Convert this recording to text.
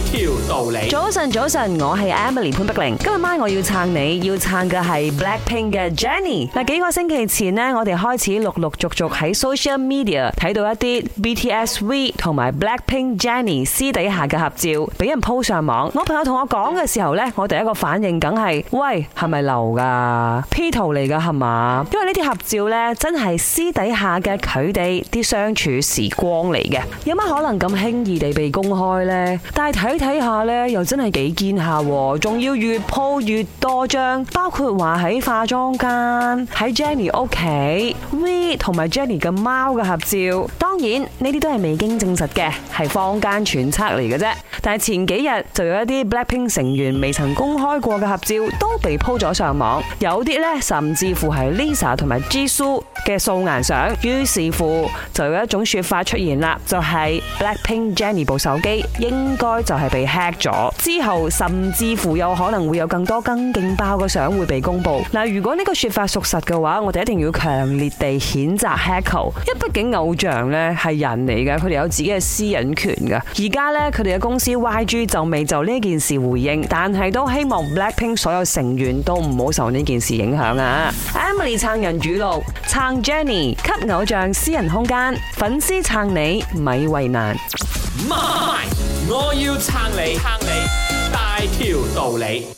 條道理。早晨，早晨，我係 Emily 潘碧玲。今日媽，我要撐你，要撐嘅係 Blackpink 嘅 Jennie 嗱，幾個星期前呢，我哋開始陸陸續續喺 social media 睇到一啲 BTS V 同埋 Blackpink Jennie 私底下嘅合照，俾人鋪上網。我朋友同我講嘅時候呢，我第一個反應梗係：喂，係咪流噶 P 圖嚟噶係嘛？因為呢啲合照呢，真係私底下嘅佢哋啲相處時光嚟嘅，有乜可能咁輕易地被公開呢？睇睇下咧，又真係幾見下，仲要越鋪越多張，包括話喺化妝間、喺 Jennie 屋企、V 同埋 Jennie 嘅貓嘅合照。當然呢啲都係未經證實嘅，係坊間揣測嚟嘅啫。但係前幾日就有一啲 Blackpink 成員未曾公開過嘅合照都被鋪咗上網，有啲呢，甚至乎係 Lisa 同埋 Jisoo 嘅素顏相。於是乎就有一種說法出現啦，就係 Blackpink Jennie 部手機應該就係被 hack 咗，之後甚至乎有可能會有更多更勁爆嘅相會被公布。嗱，如果呢個說法屬實嘅話，我哋一定要強烈地譴責 Hackle，因為畢竟偶像咧。係人嚟嘅，佢哋有自己嘅私隱權嘅。而家呢，佢哋嘅公司 YG 就未就呢件事回應，但係都希望 BLACKPINK 所有成員都唔好受呢件事影響啊。Emily 撐人語錄，撐 Jennie 給偶像私人空間，粉絲撐你咪為難。我要撐你，撐你大條道理。